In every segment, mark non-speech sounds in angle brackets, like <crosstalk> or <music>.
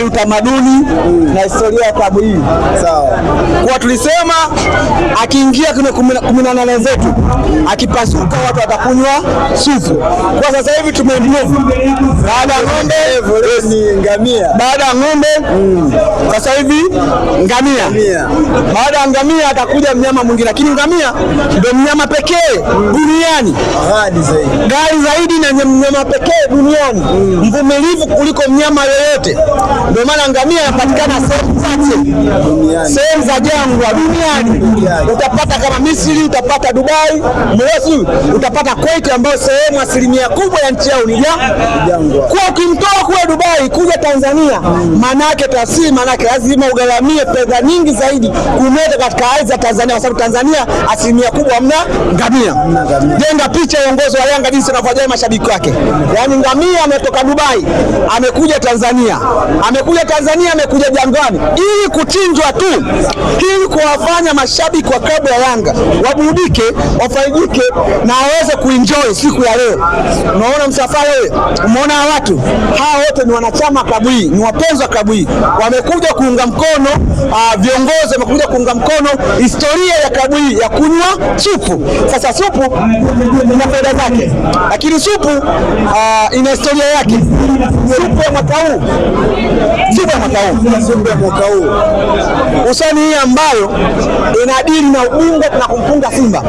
kuhifadhi utamaduni mm. na historia ya klabu hii sawa. Kwa tulisema akiingia kumi na nane zetu akipasuka watu watakunywa sufu. Kwa sasa hivi tumeimprove baada ya ng'ombe ni ngamia, baada ya ng'ombe mm. sasa hivi ngamia, Baada ya ngamia atakuja mnyama mwingine, lakini ngamia ndio mnyama pekee duniani ghali zaidi, ghali zaidi na mnyama pekee duniani mm. mvumilivu kuliko mnyama yoyote ndio maana ngamia yanapatikana sehemu chache, sehemu za jangwa duniani. Utapata kama Misri, utapata Dubai, Misri, utapata Kuwait, ambayo sehemu asilimia kubwa ya nchi yao ni jangwa. Kwa ukimtoa kule Dubai kuja Tanzania, mm. manake tasii, manake lazima ugharamie fedha nyingi zaidi kumleta katika ardhi za Tanzania, kwa sababu Tanzania asilimia kubwa mna ngamia. Jenga picha uongozi wa Yanga jinsi unavyojali mashabiki wake, yaani ngamia ametoka Dubai amekuja Tanzania ame amekuja Tanzania, amekuja Jangwani ili kuchinjwa tu, ili kuwafanya mashabiki wa klabu ya Yanga waburudike, wafaidike na waweze kuenjoy siku ya leo. Unaona msafara wewe, umeona watu hawa wote ni wanachama klabu hii, ni wapenzi wa klabu hii, wamekuja kuunga mkono uh, viongozi wamekuja kuunga mkono historia ya klabu hii ya kunywa supu. Sasa supu ina faida zake, lakini supu uh, ina historia yake. Supu ya mwaka huu Zuba mwaka huu, Zuba mwaka huu, hii ambayo inadili na ubingwa na kumfunga Simba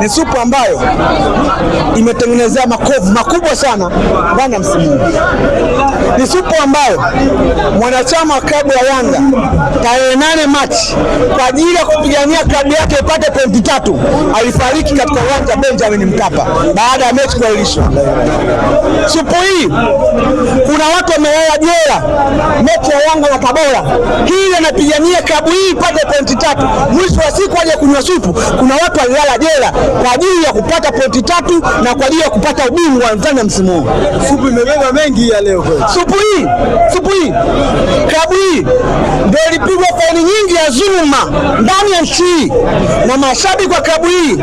ni supu ambayo imetengenezea makovu makubwa sana ndani ya msimu huu. Ni supu ambayo mwanachama wa klabu ya Yanga tarehe nane Machi kwa ajili ya kupigania klabu yake ipate pointi tatu alifariki katika uwanja Benjamin Mkapa baada ya mechi kuahirishwa. Supu hii kuna watu wamelala jela mechi ya Yanga na Tabora hii anapigania klabu hii ipate pointi tatu, mwisho wa siku aje kunywa supu. Kuna watu walilala jela kwa ajili ya kupata pointi tatu na kwa ajili ya kupata ubingwa wa Tanzania msimu huu. Supu imebeba mengi ya leo kweli. Supu hii, supu hii, klabu hii ndio ilipigwa faini nyingi ya zuluma ndani ya nchi hii, na mashabiki wa klabu hii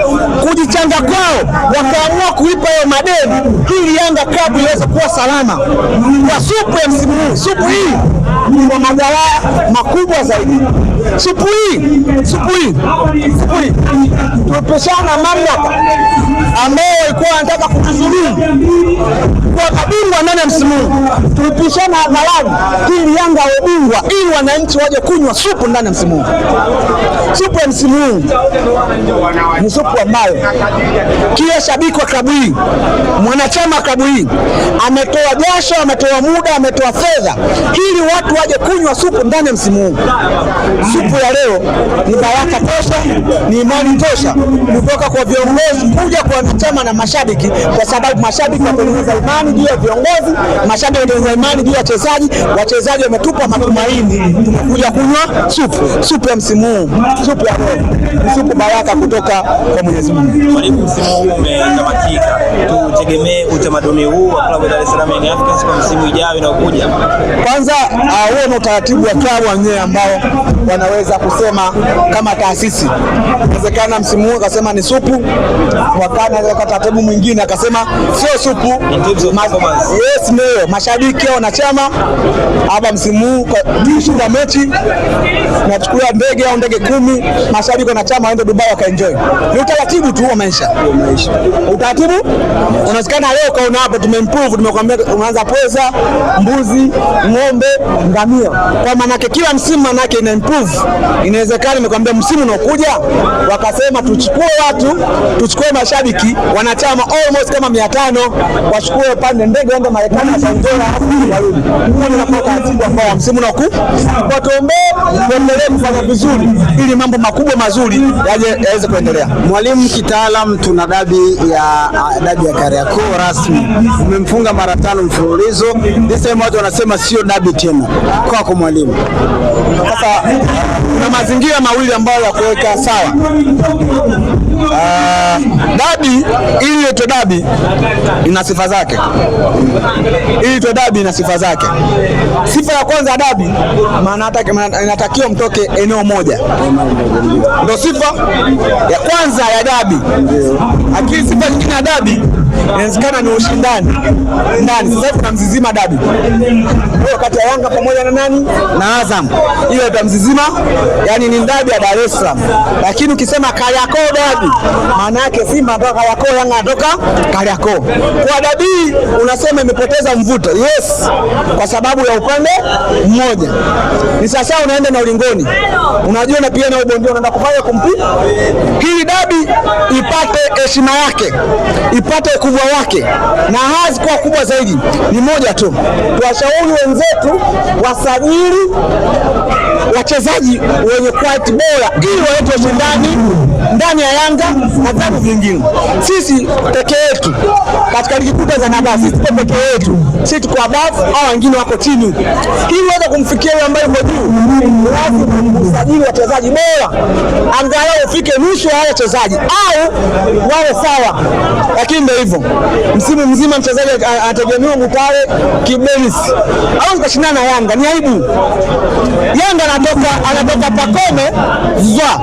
kujichanga kwao wakaamua kulipa hayo madeni ili Yanga klabu iweze kuwa salama kwa supu ya msimu huu, supu hii una magawaya makubwa zaidi. Supu hii supu hii supu hii tupeshana mamlaka ambayo walikuwa wanataka kutuzulumu kwa mabingwa ndani ya msimu huu, tulipishana aghalabu ili Yanga awe ili wananchi waje kunywa supu ndani ya msimu huu. Msupu ya msimu huu, msupu ambayo kila shabiki wa klabu hii, mwanachama wa klabu hii ametoa jasho, ametoa muda, ametoa fedha ili watu waje kunywa supu ndani ya msimu huu. Supu ya leo ni baraka tosha, ni imani tosha kutoka kwa viongozi kuja kwa wanachama na mashabiki, kwa sababu mashabiki watengeneza imani juu ya viongozi, mashabiki watengeneza imani juu ya wachezaji, wachezaji wametupa matumaini. Tumekuja kunywa supu, supu ya msimu huu. Shukran, msuku baraka kutoka kwa Mwenyezi Mungu. Mwalimu, msimu huu umetamatika, tutegemee utamaduni huu wa klabu ya Dar es Salaam Young Africans kwa msimu ijao inaokuja? Kwanza huo ah, ni utaratibu wa klabu wenyewe ambao wanaweza kusema kama taasisi. Inawezekana msimu huu akasema ni supu, wakana taratibu mwingine akasema sio supu. yes, ndio mashabiki au wanachama hapa msimu huu, tishu na mechi nachukulia ndege au ndege kumi ili mashabiki wanachama waende Dubai wakaenjoy. Ni utaratibu tu wa maisha, Utaratibu unasikana leo kaona hapo tumeimprove, tumekwambia unaanza pesa, mbuzi, ng'ombe, ngamia. Kwa maana yake kila msimu maana yake ina improve. Inawezekana nimekwambia msimu unaokuja wakasema tuchukue watu, tuchukue mashabiki wanachama almost kama 500 wachukue pande ndege waende Marekani na wakaenjoy warudi. Kwa utaratibu ambao msimu unaokuja watuombee tuendelee kufanya vizuri ili mambo makubwa mazuri yaje yaweze kuendelea. Mwalimu kitaalam, tuna dabi ya dabi ya Kariakoo rasmi, umemfunga mara tano mfululizo, this time watu wanasema sio dabi tena kwako mwalimu. Sasa kuna mazingira mawili ambayo ya kuweka sawa Ah, dabi ili iitwe dabi ina sifa zake, ili itwe dabi ina sifa zake. Sifa ya kwanza ya dabi, maana inatakiwa mtoke eneo moja, ndio sifa ya kwanza ya dabi. Lakini sifa nyingine ya dabi inawezekana ni ushindani ndani. Sasa hivi tunamzizima dabi hiyo kati ya Yanga pamoja na nani na Azam, hiyo utamzizima, yani ni dabi ya Dar es Salaam. Lakini ukisema Kariakoo dabi, maana yake Simba anatoka Kariakoo, Yanga anatoka Kariakoo. Kwa dabi unasema imepoteza mvuto, yes, kwa sababu ya upande mmoja. Ni sasa unaenda na ulingoni, unajua na pia na ubondia, unaenda kufanya kumpi. Hii dabi ipate heshima yake, ipate ukubwa wake, na hazikuwa kubwa zaidi ni moja tu, tuwashauri wenzetu wasajili wachezaji wenye quality bora ili waletwe ushindani ndani ya Yanga na vilabu vingine. Sisi peke yetu katika ligi kubwa za Naba, sisi peke yetu, sisi tuko above au wengine wako chini. Hii uweza kumfikia yule ambaye yuko juu, lazima usajili wachezaji bora, angalau ufike nusu ya wachezaji au wao sawa, lakini ndio hivyo, msimu mzima mchezaji anategemewa Mutale kibenisi au kashindana na Yanga, ni aibu. Yanga anatoka anatoka Pakome zwa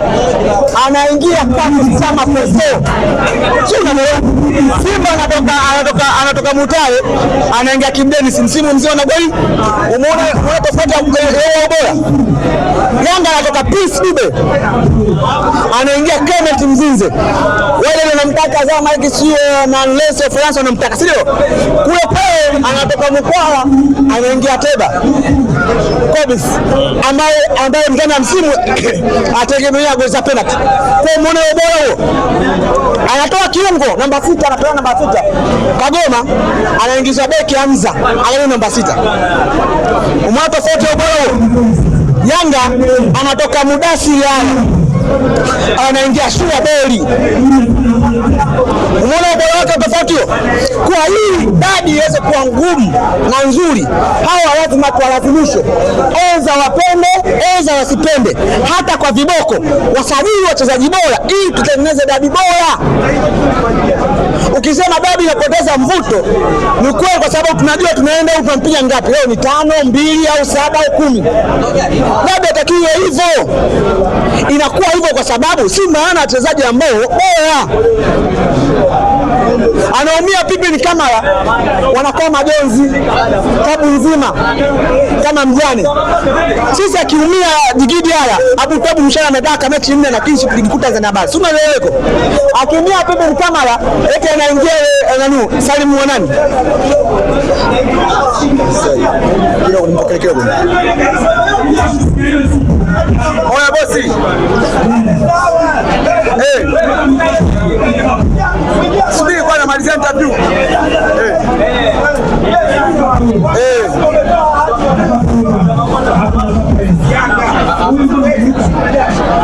anaingia kuingia kasi chama peso Simba anatoka anatoka anatoka Mutale anaingia Kibdeni, simsimu mzee na goli. Umeona wewe tofauti ya ubora. Yanga anatoka Peace Dube anaingia Clement Mzinze, wale wanamtaka za Mike sio eh, na Lance France wanamtaka, sio kule pale, anatoka Mkwala anaingia Teba Kobis, ambaye ambaye mtana msimu <coughs> ategemea goli za penalty kwa muone ubora huo, anatoa kiungo namba sita, anatoa namba sita Kagoma, anaingiza beki Hamza, anapewa namba sita. Umeona tofauti ya ubora huo? Yanga anatoka mudasi ya anaingia shua beli. Umeona ubora wake tofauti hiyo. Kwa hii dadi iweze kuwa ngumu na nzuri, hawa lazima tuwalazimishe, enza wapende Waingereza wasipende hata kwa viboko, wasajili wachezaji bora ili tutengeneze dabi bora. Ukisema dabi inapoteza mvuto ni kweli, kwa sababu tunajua tunaenda huko tunampiga ngapi leo, ni tano mbili au saba au kumi. labda atakiwe hivyo, inakuwa hivyo kwa sababu si maana wachezaji ambao bora anaumia pipi ni kamera, wanakuwa majonzi kabu nzima kama mjane. Sisi akiumia Digidi haya Abu tabu mshana amebaka mechi nne na kinshi kulimkuta za nabasi, sio leweko. Akiumia pipi ni kamera, eti anaingia eh, eh, nani Salimu wa Oya bosi. Eh. Subiri kwa na malizia interview. Eh. Eh.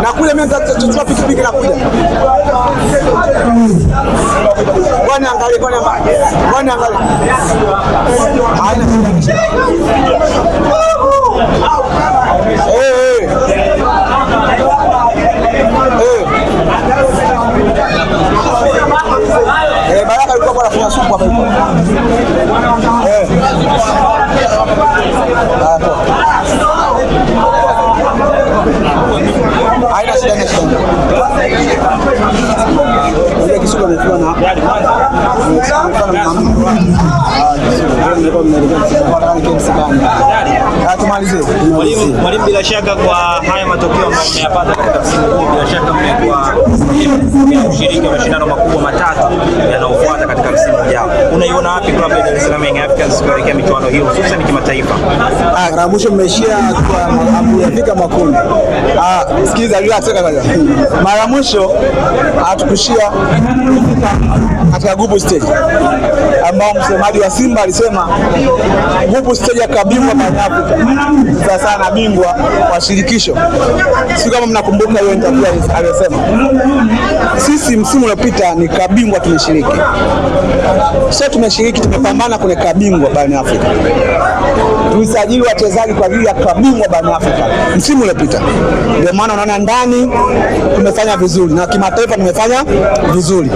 Na kule mimi nitachukua pikipiki na kuja. Bwana angalie, bwana bwana angalie. Haina shida. কথাই বলে I understand this. wengi wamejua mwalimu, bila shaka kwa haya matokeo ambayo mmeyapata katika msimu huu, bila shaka mmekuwa mshiriki wa mashindano makubwa matatu yanayofuata katika msimu ujao. Unaiona wapi klabu ya Dar es Salaam Young Africans kuelekea michuano hiyo hususan kimataifa? Ah, na mwisho mmeishia hamjafika makundi. Ah, sikiza, Mara mwisho hatukushia katika group stage ambao msemaji wa Simba alisema group stage ya kabingwa bara Afrika sasa na bingwa wa shirikisho. Si kama mnakumbuka hiyo interview aliyosema, sisi msimu uliopita ni kabingwa tumeshiriki, sio tumeshiriki, tumepambana kwenye kabingwa barani Afrika, tulisajili wachezaji kwa ajili ya kabingwa barani Afrika msimu uliopita. Ndio maana unaona ndani tumefanya vizuri na kimataifa tumefanya vizuri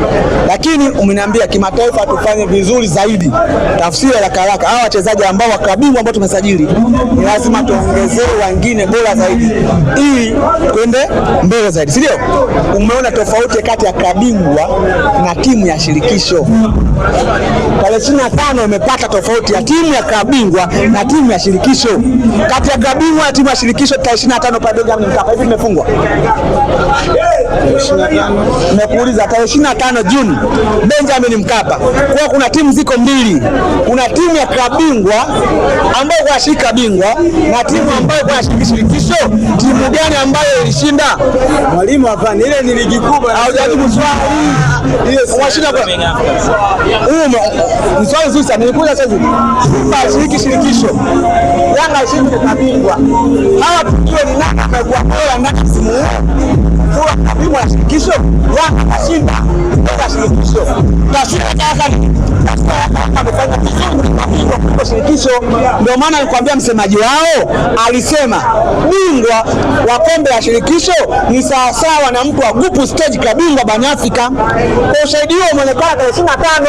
lakini umeniambia kimataifa tufanye vizuri zaidi. Tafsiri ya karaka, hawa wachezaji ambao wakabingwa ambao tumesajili ni lazima tuongezee wengine bora zaidi ili twende mbele zaidi, si ndio? Umeona tofauti kati ya kabingwa na timu ya shirikisho tarehe ishirini na tano imepata tofauti ya timu ya kabingwa na timu ya shirikisho. Kati ya kabingwa na timu ya shirikisho tarehe ishirini na tano pale Benjamin Mkapa hivi imefungwa, nimekuuliza tarehe ishirini na tano 25 Juni Benjamin Mkapa. Kwa kuna timu ziko mbili, kuna timu ya klabu bingwa ambayo kwa shirika bingwa na timu ambayo kwa shirikisho. Timu gani ambayo ilishinda? Mwalimu, hapana, ile ni ligi kubwa, haujajibu swali. Washinda kwa huo swali zuri sana, nilikuja sasa hivi kwa shiriki shirikisho, Yanga shiriki klabu bingwa, hawa tujue ni nani amekuwa bora ndani ya msimu huu kwa klabu bingwa na shirikisho, Yanga kashinda kupata shirikisho na amefanya vizuri kupata shirikisho. Ndio maana nilikwambia msemaji wao alisema bingwa wa kombe la shirikisho ni sawasawa na mtu wa group stage kabingwa barani Afrika. Kwa ushahidi huo umeonekana tarehe ishirini na tano.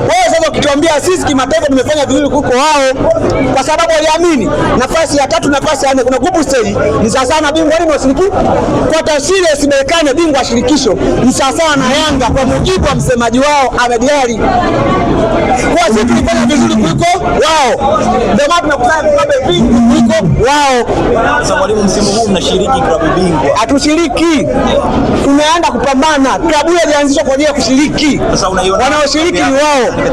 Wewe sasa ukituambia sisi kimataifa tumefanya vizuri kuliko wao, kwa sababu waliamini nafasi ya tatu, nafasi ya nne, kuna group stage ni sawasawa na bingwa limoshiriki kwa tafsiri, ya isimerekane bingwa shirikisho ni sawasawa na Yanga kwa mujibu wa msemaji wao Ahmed Ally kuwa sisi tulifanya vizuri kuliko wao, ndio maana tunakutana vikombe vingi wao. Sasa mwalimu, msimu huu mnashiriki klabu bingwa? Hatushiriki, tumeanza kupambana. Klabu hiyo ilianzishwa kwa ajili ya kushiriki, wanaoshiriki ni wao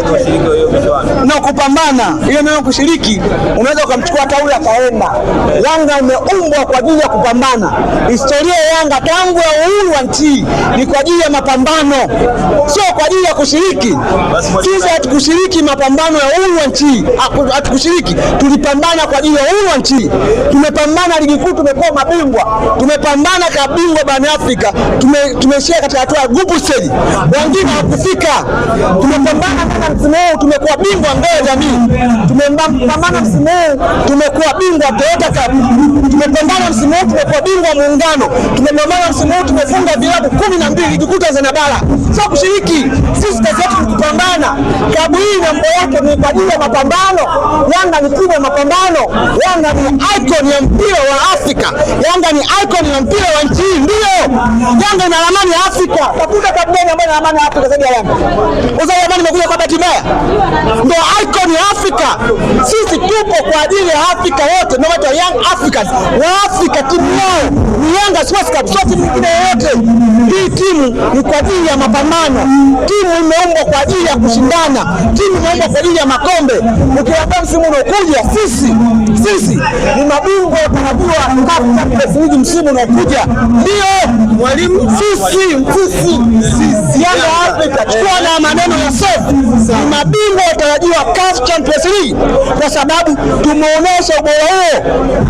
na kupambana. ile nayo kushiriki, unaweza ukamchukua tauli akaenda. Yanga umeumbwa kwa ajili ya kupambana. Historia ya Yanga tangu ya uhuru wa nchi ni kwa ajili ya mapambano, sio kwa ajili ya kushiriki. Sisi hatukushiriki mapambano ya uhuru wa nchi, hatukushiriki, tulipambana kwa ajili ya uhuru wa nchi nchi. Tumepambana ligi kuu, tumekuwa mabingwa, tumepambana kabingwa barani Afrika, tumeshia katika hatua ya group stage, wengine hawakufika. Tumepambana tena msimu huu, tumekuwa bingwa mbele jamii. Tumepambana msimu huu, tumekuwa bingwa Toyota Cup. Tumepambana msimu huu, tumekuwa bingwa Muungano. Tumepambana msimu huu, tumefunga vilabu kumi na mbili ligi kuu Tanzania bara. Sio kushiriki, sisi kazi yetu ni kupambana. Klabu hii mambo yake ni kwa ajili ya mapambano. Yanga ni kubwa, mapambano. Yanga ni icon ya mpira wa Afrika. Yanga ni icon ya mpira wa nchi hii, ndio Yanga ina ramani ya Afrika. Tafuta kapteni ambaye ana ramani ya Afrika zaidi ya Yanga. Uzao ramani imekuja kwa bahati mbaya, ndio icon ya Afrika. Sisi tupo kwa ajili ya Afrika wote, ndio watu wa Young Africans wa Afrika. Timu yao ni Yanga Sports Club, sio timu nyingine yoyote. Hii timu ni kwa ajili ya mapambano, timu imeumbwa kwa ajili ya kushindana, timu imeumbwa kwa ajili ya makombe. Ukiwaambia msimu unaokuja, sisi sisi ni mabingwa watarajiwa kafu Champions League msimu unaokuja. Ndio mwalimu Msusi, Msusi Yanga Africa, na maneno ya sofu, ni mabingwa watarajiwa kafu Champions League kwa sababu tumeonyesha ubora huo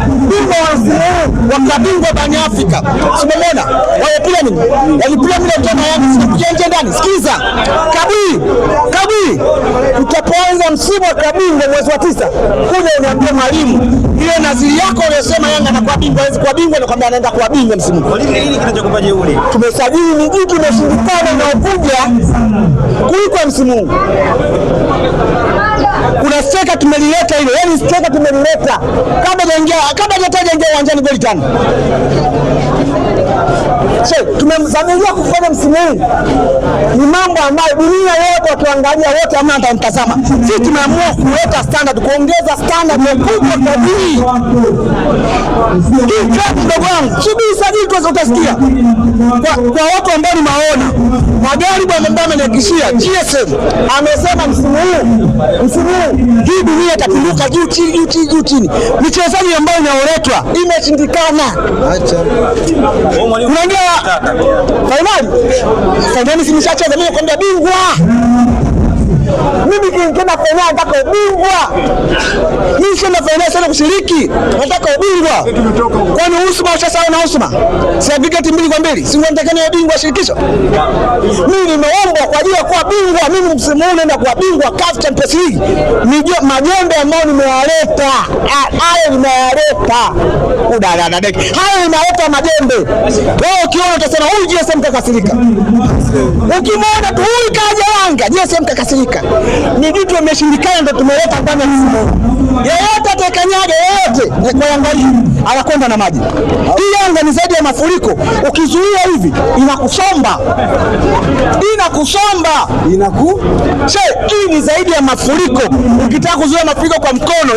bingwa wa msimu huu wakabingwa barani Afrika, simemona wamepila nini, walipila mile toka Yanga sikujenje ndani. Sikiza kabii kabii tukianza msimu wa klabu bingwa mwezi wa tisa, kuja uniambie mwalimu, ile nadhiri yako uliyosema Yanga kwa bingwa hawezi kuwa bingwa, kwambia anaenda kwa bingwa msimu huu. Mwalimu, nini kinachokupa jeuri? Tumesajili miji tumeshindikana ukuja kuliko msimu huu kuna steka tumelileta ile, yani steka tumelileta kabla hajaingia uwanjani goli tano tumemzamilia kufanya msimu huu ni mambo ambayo dunia yote wakiangalia wote hamna atamtazama. Sisi tumeamua kuleta standard, kuongeza standard kubwa kwa hii Mdogo wangu Shibisajii utasikia kwa watu ambao ni maona magaribu ambayo amenihakikishia GSM amesema msimu huu msimu huu hii dunia itapinduka juu chini juu chini juu chini, michezaji ambayo inaoletwa imeshindikana unaingia fainali. Sasa ndio simshacheza mimi kwambia bingwa mimi nikienda fainali nataka ubingwa. Mimi sio na fainali sana kushiriki, nataka ubingwa. Kwa Kwani Usma ushasawa na Usma? Si viketi mbili kwa mbili. Si nitakani ya bingwa shirikisho. Mimi nimeombwa kwa ajili ya kuwa bingwa. Mimi msimu huu naenda kuwa bingwa CAF Champions League. Ni majembe ambayo nimewaleta. haya, nimewaleta. Udadada deki. haya, nimewaleta majembe. Wewe ukiona utasema huyu JSM kakasirika. Ukimwona tu huyu kaja Yanga, JSM kakasirika ni vitu vimeshindikana, ndio tumeleta ndani ya Mungu. Yeyote atakanyaga yeyote kwa Yanga hii anakwenda na maji hii. Yanga ni zaidi ya mafuriko, ukizuia hivi inakusomba, inakusomba inaku, hii ni zaidi ya mafuriko. Ukitaka kuzuia mafuriko kwa mkono